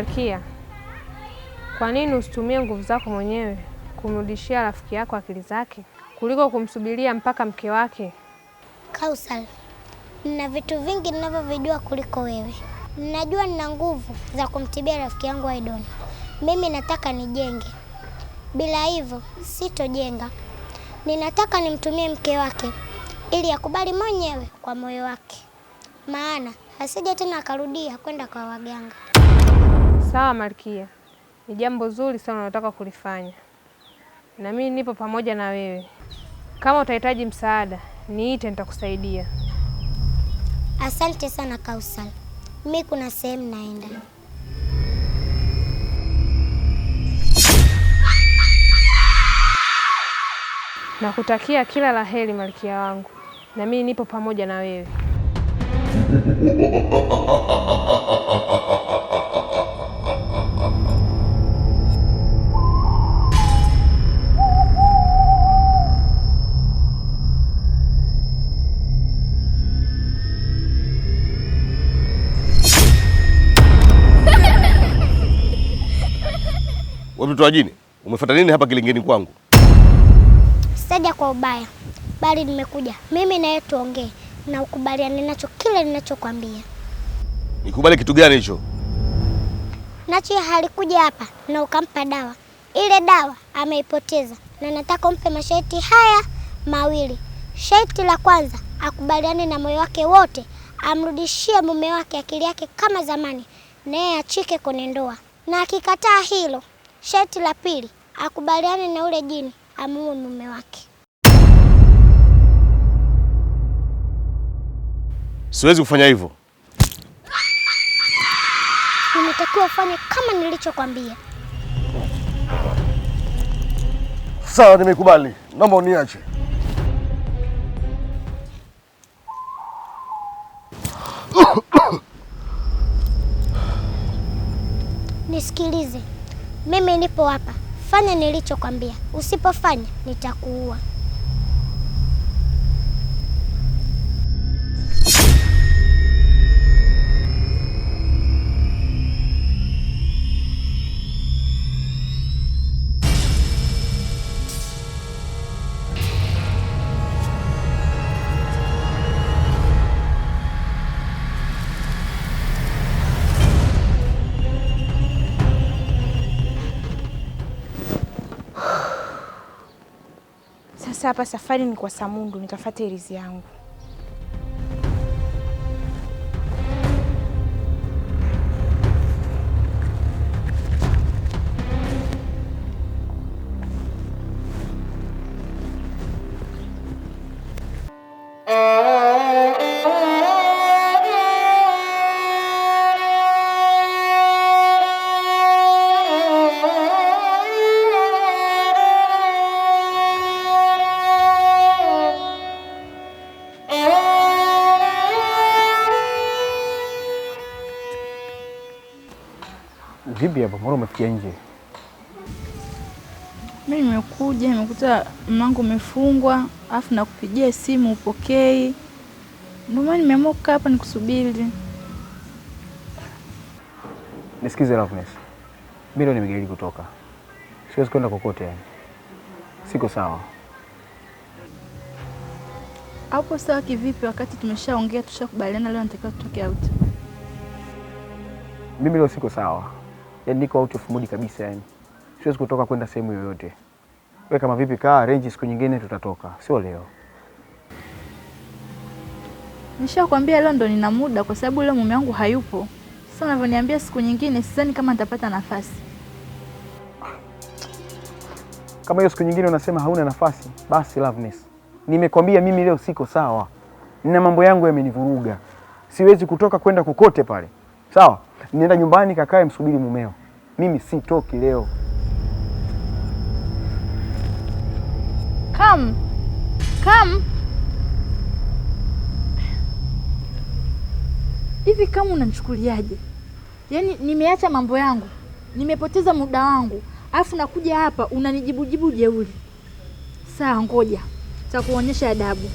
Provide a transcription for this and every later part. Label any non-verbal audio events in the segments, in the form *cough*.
Malkia, kwa nini usitumie nguvu zako mwenyewe kumrudishia rafiki yako akili zake kuliko kumsubiria mpaka mke wake? Kausal, nina vitu vingi ninavyovijua kuliko wewe. Ninajua nina nguvu za kumtibia rafiki yangu Aidon. Mimi nataka nijenge, bila hivyo sitojenga. Ninataka nimtumie mke wake ili akubali mwenyewe kwa moyo wake, maana asije tena akarudia kwenda kwa waganga. Sawa Malkia, ni jambo zuri sana unataka kulifanya, na mimi nipo pamoja na wewe. Kama utahitaji msaada, niite, nitakusaidia. Asante sana Kausal, mimi kuna sehemu naenda. Nakutakia kila la heri Malkia wangu, na mimi nipo pamoja na wewe. *laughs* mtoto wa jini, umefuata nini hapa kilingeni kwangu? Sija kwa ubaya, bali nimekuja mimi naye tuongee na ukubaliane nacho kile ninachokwambia. Nikubali kitu gani hicho? Nacho halikuja hapa na ukampa dawa, ile dawa ameipoteza, na nataka umpe masharti haya mawili. Sharti la kwanza, akubaliane na moyo wake wote, amrudishie mume wake akili yake kama zamani, naye achike kwenye ndoa, na akikataa hilo Sharti la pili, akubaliane na ule jini amuue mume wake. Siwezi kufanya hivyo. Unatakiwa ufanye kama nilichokwambia. Sawa, nimekubali. Naomba uniache. Nisikilize mimi nipo hapa, fanya nilichokwambia. Usipofanya nitakuua. Sasa hapa safari ni kwa Samundu, nikafate ilizi yangu. vipi hapa? Mbona umefikia nje? Mimi nimekuja nimekuta mlango umefungwa, alafu nakupigia simu upokei. Ndio maana nimeamua kukaa hapa nikusubiri. Nisikize Loveness, mimi leo nimejaribu kutoka, siwezi kwenda kokote, yani siko sawa. Hapo sawa kivipi, wakati tumeshaongea tushakubaliana, leo natakiwa tutoke out? Mimi leo siko sawa yani niko out of mood kabisa yani. Siwezi kutoka kwenda sehemu yoyote. Wewe kama vipi, kaa range, siku nyingine tutatoka, sio leo. Nishakwambia leo ndo nina muda kwa sababu leo mume wangu hayupo. Sasa unavyoniambia siku nyingine, sidhani kama nitapata nafasi. Kama hiyo siku nyingine unasema hauna nafasi, basi Loveness, nimekwambia mimi leo siko sawa, nina mambo yangu yamenivuruga, siwezi kutoka kwenda kokote pale. Sawa, nienda nyumbani, kakae msubiri mumeo mimi sitoki leo. Come. Come. Hivi kama unanichukuliaje? Yaani nimeacha mambo yangu, nimepoteza muda wangu, alafu nakuja hapa unanijibujibu jeuri. Sawa, ngoja takuonyesha adabu.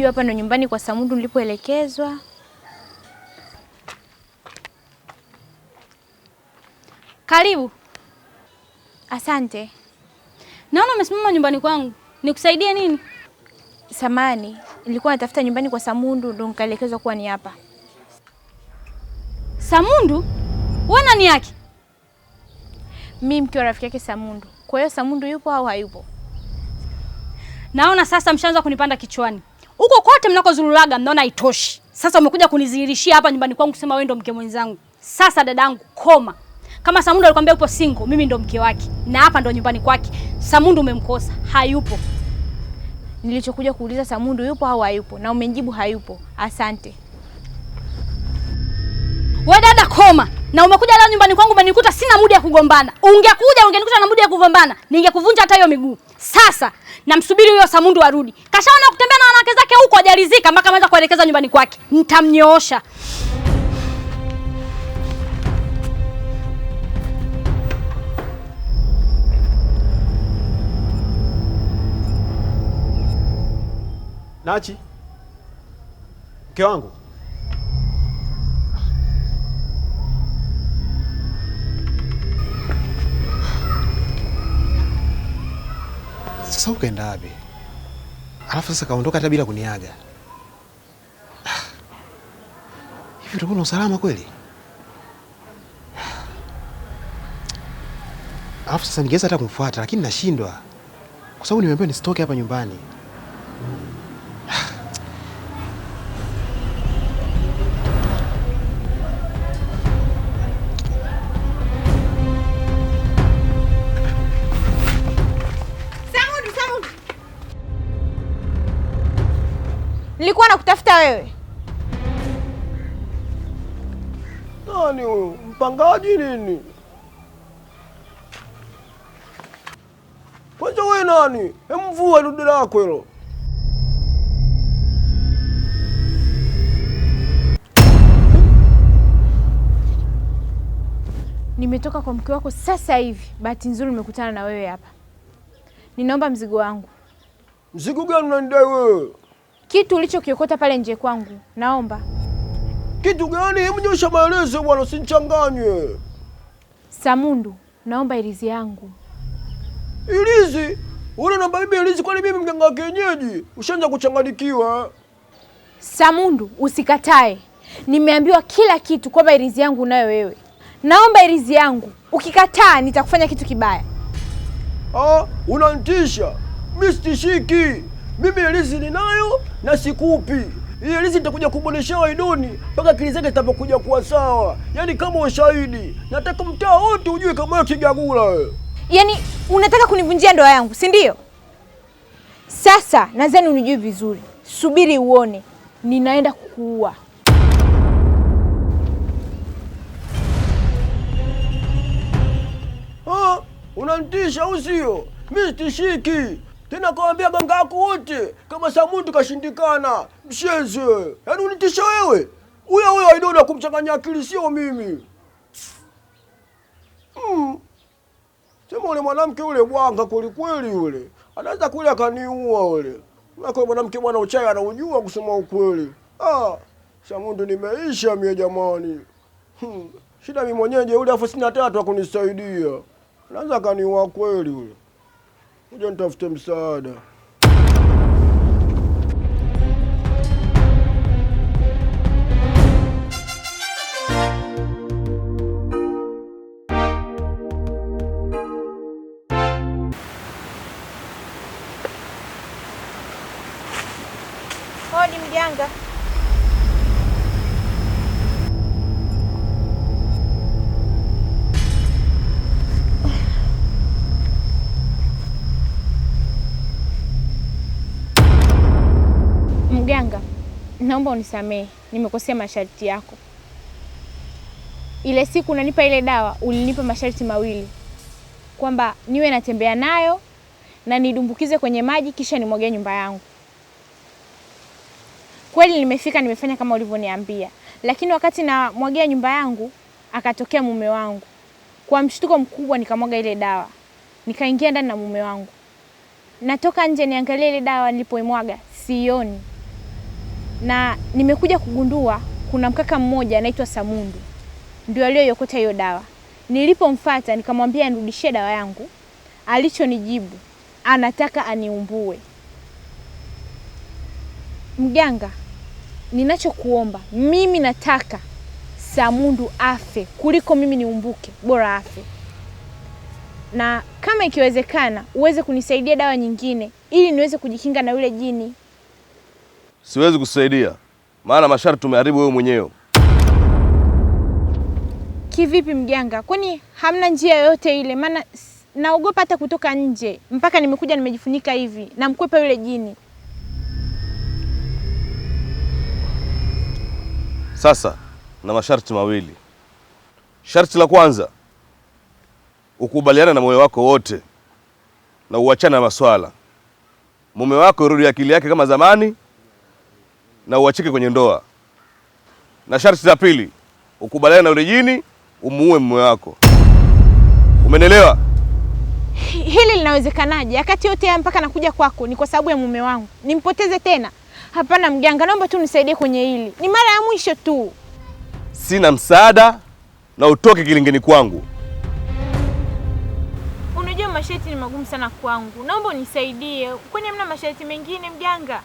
Sijui hapa ndo nyumbani kwa Samundu nilipoelekezwa. Karibu. Asante. Naona umesimama nyumbani kwangu, nikusaidie nini? Samani, nilikuwa natafuta nyumbani kwa Samundu ndo nikaelekezwa kuwa ni hapa. Samundu wewe nani yake? Mimi mkiwa rafiki yake Samundu. Kwa hiyo Samundu yupo au hayupo? Naona sasa mshaanza kunipanda kichwani huko kote mnakozururaga mnaona itoshi. Sasa umekuja kunizihirishia hapa nyumbani kwangu kusema wewe ndo mke mwenzangu. Sasa dadangu, koma. Kama Samundu alikwambia upo single, mimi ndo mke wake na hapa ndo nyumbani kwake. Samundu umemkosa, hayupo. Nilichokuja kuuliza Samundu yupo au hayupo, na umenijibu hayupo. Asante. We dada, koma. Na umekuja leo nyumbani kwangu umenikuta sina muda ya kugombana. Ungekuja ungenikuta na muda ya kugombana, ningekuvunja hata hiyo miguu. Sasa namsubiri huyo Samundu arudi. Kashaona kutembea na wanawake zake huko hajalizika mpaka ameanza kuelekeza nyumbani kwake. Nitamnyoosha. Nachi. Mke wangu. sasa ukaenda wapi? Alafu sasa kaondoka hata bila kuniaga. Ah. Hivi utakuwa na usalama kweli? Alafu sasa ningeweza hata kumfuata lakini nashindwa kwa sababu nimeambiwa nisitoke hapa nyumbani. tafuta wewe. Nani huyu mpangaji nini? Kwanza wewe nani? emvua dude lako hilo. Nimetoka kwa mke wako sasa hivi. Bahati nzuri nimekutana na wewe hapa. Ninaomba mzigo wangu. Mzigo gani unanidai wewe? kitu ulichokiokota pale nje kwangu, naomba. Kitu gani? Hebu nyosha maelezo bwana, usinichanganye. Samundu, naomba ilizi yangu. Ilizi? Una namba mimi ilizi? Kwani mimi mganga wa kienyeji? Ushaanza kuchanganikiwa. Samundu, usikatae. Nimeambiwa kila kitu kwamba ilizi yangu unayo wewe. Naomba ilizi yangu. Ukikataa nitakufanya kitu kibaya. Ah, unanitisha? Mimi sitishiki mimi elizi ninayo na sikupi hiyo elizi nitakuja kubonesha Iduni mpaka akili zake zitapokuja kuwa sawa, yaani kama ushahidi. Nataka mtaa wote ujue kama wewe Kigagula wewe. Yaani unataka kunivunjia ndoa yangu, si ndio? Sasa nadhani unijui vizuri, subiri uone, ninaenda kukuua. Ah, Unanitisha au sio? Mimi sitishiki tena kawambia ganga yako wote, kama Samuntu kashindikana msheze. Yaani unitisha wewe huyo huyo aidona kumchanganya akili, sio mimi mm. Sema ule mwanamke ule bwanga kwelikweli, yule anaweza kule akaniua ule nako mwanamke bwana, uchawi anaujua kusema ukweli. Ah, Samuntu nimeisha mie jamani, hmm. Shida mimi mwenyewe jeuli elfu sitini tatu akunisaidia, anaweza akaniua kweli ule Kuja nitafute msaada. naomba unisamehe, nimekosea masharti yako. Ile siku unanipa ile dawa, ulinipa masharti mawili, kwamba niwe natembea nayo na nidumbukize kwenye maji kisha nimwage nyumba yangu. Kweli nimefika, nimefanya kama ulivyoniambia, lakini wakati namwagia nyumba yangu akatokea mume wangu. Kwa mshtuko mkubwa, nikamwaga ile dawa, nikaingia ndani na mume wangu. Natoka nje niangalie ile dawa, nilipoimwaga sioni na nimekuja kugundua kuna mkaka mmoja anaitwa Samundu ndio aliyoyokota hiyo dawa. Nilipomfuata nikamwambia anirudishie dawa yangu, alichonijibu anataka aniumbue. Mganga, ninachokuomba mimi, nataka Samundu afe kuliko mimi niumbuke, bora afe, na kama ikiwezekana uweze kunisaidia dawa nyingine ili niweze kujikinga na yule jini siwezi kusaidia, maana masharti tumeharibu wewe mwenyewe. Kivipi mganga Kwani hamna njia yoyote ile? Maana naogopa hata kutoka nje, mpaka nimekuja nimejifunika hivi na mkwepa yule jini. Sasa na masharti mawili. Sharti la kwanza, ukubaliana na mume wako wote na uachane na maswala. Mume wako irudi akili yake kama zamani na uachike kwenye ndoa, na sharti la pili ukubaliane na Rejini umuue mume wako. Umenelewa? Hili linawezekanaje? Wakati yote haya mpaka nakuja kwako ni kwa sababu ya mume wangu, nimpoteze tena? Hapana mganga, naomba tu nisaidie kwenye hili, ni mara ya mwisho tu. Sina msaada na utoke kilingeni kwangu. Unajua masharti ni magumu sana kwangu, naomba unisaidie. Kwani hamna masharti mengine mganga?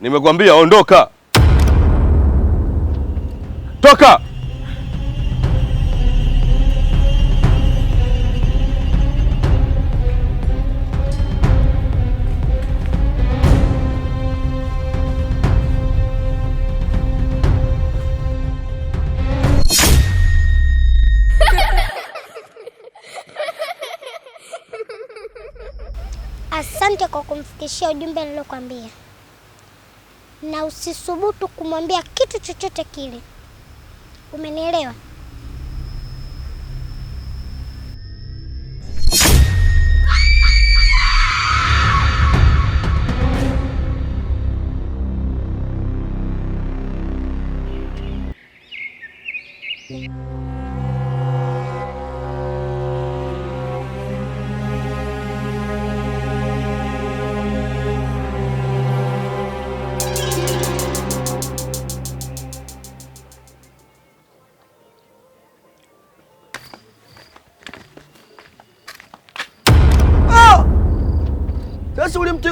Nimekwambia ondoka, toka. Asante kwa kumfikishia ujumbe nilokuambia na usisubutu kumwambia kitu chochote kile. Umenielewa?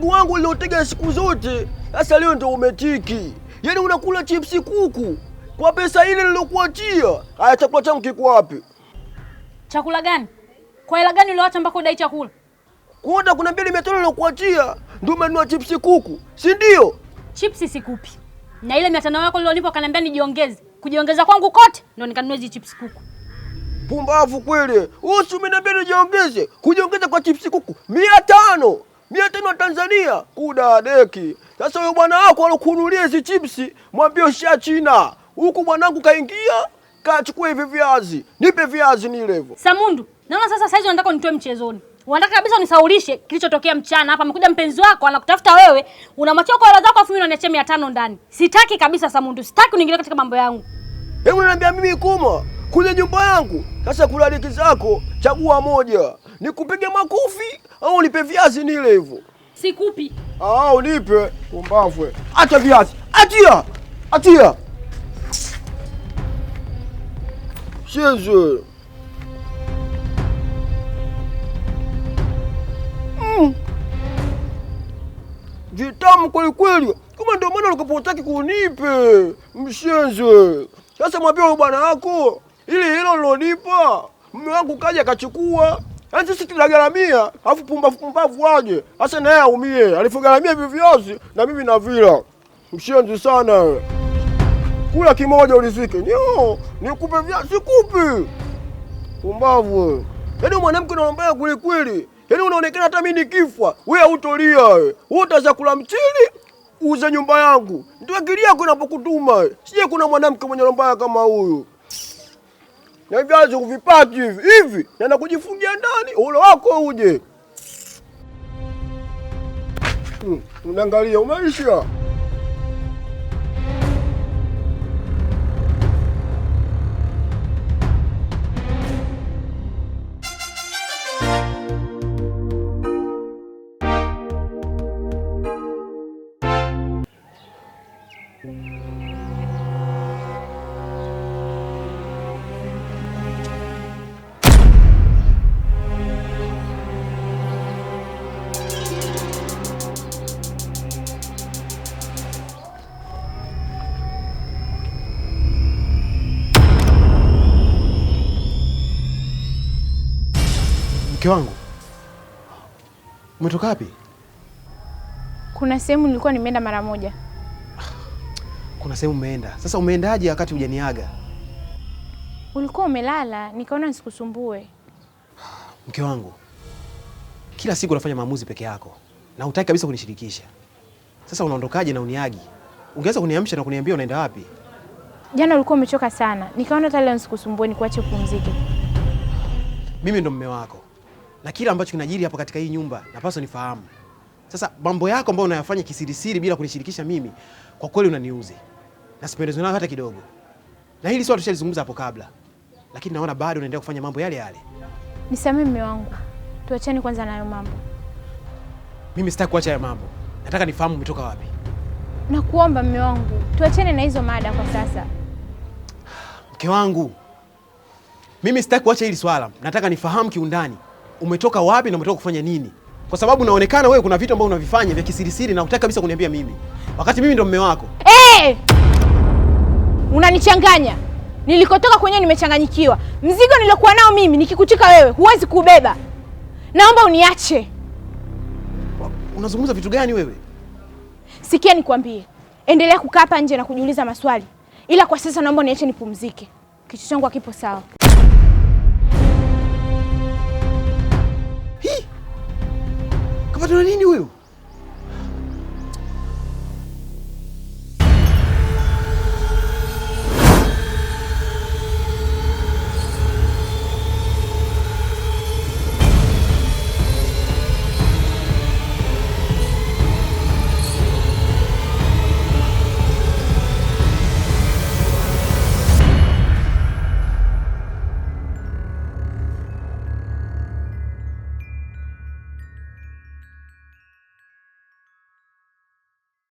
mtego wangu niliotega siku zote, sasa leo ndio umetiki. Yaani unakula chipsi kuku kwa pesa ile nilokuachia. Haya, chakula changu kiko wapi? Chakula gani? Kwa hela gani ulioacha mpaka udai chakula? Kuda kuna mbili mia tano nilokuachia, ndio umenunua chipsi kuku, si ndio? Chipsi sikupi, na ile mia tano yako nilonipa ukaniambia nijiongeze. Kujiongeza kwangu kote ndio nikanunua hizi chipsi kuku. Pumbavu kweli! Wewe umeniambia nijiongeze, kujiongeza kwa chipsi kuku mia tano mie ya Tanzania kuda deki. Sasa huyo bwana wako alokununulia hizi chipsi mwambie shia China huku, mwanangu kaingia kachukua hivi viazi, nipe viazi nile hivyo. Samundu, naona sasa saizi unataka unitoe mchezoni, unataka kabisa unisaulishe kilichotokea mchana hapa. Amekuja mpenzi wako anakutafuta wewe, unamwachia kwa hela zako, afu mimi unaniachia mia tano ndani. Sitaki kabisa Samundu, sitaki uniingilie katika mambo yangu. Hebu niambia mimi kumo kwenye nyumba yangu. Sasa kula liki zako, chagua moja, nikupige makofi au nipe viazi nile hivyo. Sikupi Ah, unipe kumbavwe. Acha viazi, atia atia sheze mm. Vitamu kwelikweli, kama ndio maana ulikapotaki kunipe mshenze. Sasa mwambie bwana wako ili hilo lilonipa mume wangu kaja akachukua. Yaani sisi tunagaramia, alafu pumbavu pumbavu waje hasa naye aumie, alivyogaramia vivyozi na mimi na vila. Mshenzi sana wewe, kula kimoja ulizike nio nikupe vya sikupi. Pumbavu wewe, yaani mwanamke unaombea kweli kweli, yaani unaonekana hata mimi nikifwa wewe hautolia wewe, wewe kula mchili uze nyumba yangu, ndio akili yako inapokutuma. Sije kuna mwanamke mwenye roho kama huyu na viazi kuvipaki hivi hivi, nenda kujifungia ndani ulo wako uje. Hmm, unaangalia umeisha. Mke wangu, umetoka wapi? Kuna sehemu nilikuwa nimeenda mara moja. Kuna sehemu umeenda? Sasa umeendaje wakati hujaniaga? Ulikuwa umelala, nikaona nisikusumbue. Mke wangu, kila siku unafanya maamuzi peke yako na hutaki kabisa kunishirikisha. Sasa unaondokaje na uniagi? Ungeweza kuniamsha na kuniambia unaenda wapi? Jana ulikuwa umechoka sana, nikaona hata leo nisikusumbue, nikuache upumzike. Mimi ndo mume wako na kila ambacho kinajiri hapa katika hii nyumba napaswa nifahamu. Sasa mambo yako ambayo unayafanya kisirisiri bila kunishirikisha mimi, kwa kweli unaniuzi na sipendezwi nayo hata kidogo. Na hili swala tushalizungumza hapo kabla, lakini naona bado unaendelea kufanya mambo yale yale. Nisamee mume wangu, tuachane kwanza na hayo mambo. Mimi sitaki kuacha hayo mambo, nataka nifahamu umetoka wapi. Nakuomba mume wangu, tuachane na hizo mada kwa sasa. Mke wangu, mimi sitaki kuacha hili swala, nataka nifahamu kiundani umetoka wapi na umetoka kufanya nini, kwa sababu naonekana wewe kuna vitu ambavyo unavifanya vya kisirisiri na hutaki kabisa kuniambia mimi, wakati mimi ndo mume wako. Hey! Eh! Unanichanganya. Nilikotoka kwenye nimechanganyikiwa. Mzigo niliokuwa nao mimi nikikutika wewe huwezi kubeba. Naomba uniache. Unazungumza vitu gani wewe? Sikia nikwambie, endelea kukaa hapa nje na kujiuliza maswali, ila kwa sasa naomba uniache nipumzike. Kichwa changu hakipo sawa. Kapatana nini you.